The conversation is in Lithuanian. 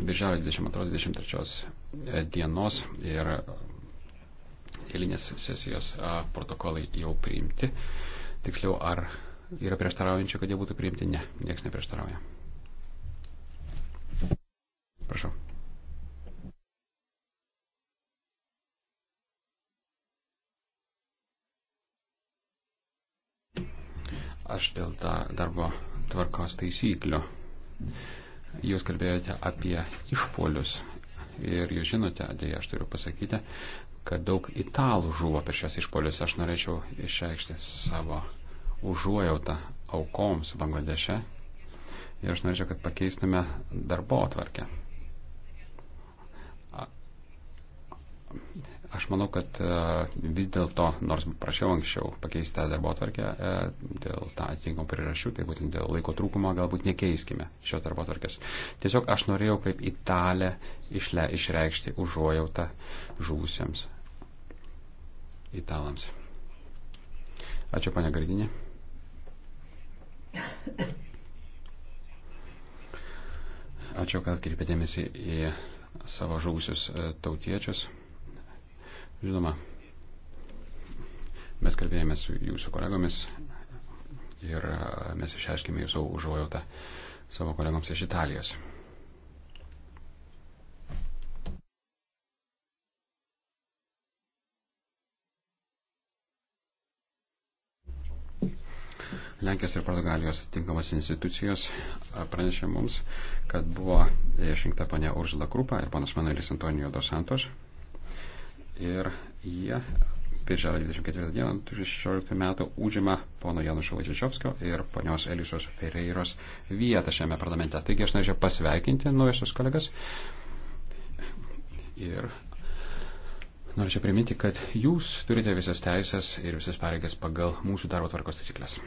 Birželio 22-23 e, dienos ir eilinės sesijos protokolai jau priimti. Tiksliau, ar yra prieštaraujančių, kad jie būtų priimti? Ne, niekas neprieštarauja. Prašau. Aš dėl tą darbo tvarkos taisyklių Jūs kalbėjote apie išpolius ir jūs žinote, dėja aš turiu pasakyti, kad daug italų žuvo per šias išpolius. Aš norėčiau išreikšti savo užuojautą aukoms Bangladeše ir aš norėčiau, kad pakeistume darbo atvarkę. Aš manau, kad e, vis dėlto, nors prašiau anksčiau pakeisti tą darbo tvarkę e, dėl tą atitinkamų priežasčių, tai būtent dėl laiko trūkumo galbūt nekeiskime šios darbo tvarkės. Tiesiog aš norėjau kaip italę išle, išreikšti užuojautą žuvusiems italams. Ačiū, ponia Gardinė. Ačiū, kad kirpėtėmėsi į savo žuvusius e, tautiečius. Žinoma, mes kalbėjome su jūsų kolegomis ir e, mes išaiškėme jūsų užuojautą savo kolegoms iš Italijos. Lenkijos ir Portugalijos atitinkamos institucijos e, pranešė mums, kad buvo išrinkta ponia Urzula Krupa ir ponas Manuelis Antonijo Dos Santos ir jie birželio 24 dieną 2016 metų užima pono Janušo Važičiovskio ir ponios Elisos Ferreiros vietą šiame parlamente. Taigi aš norėčiau pasveikinti naujusius kolegas ir norėčiau priminti, kad jūs turite visas teisės ir visas pareigas pagal mūsų darbo tvarkos taisyklės.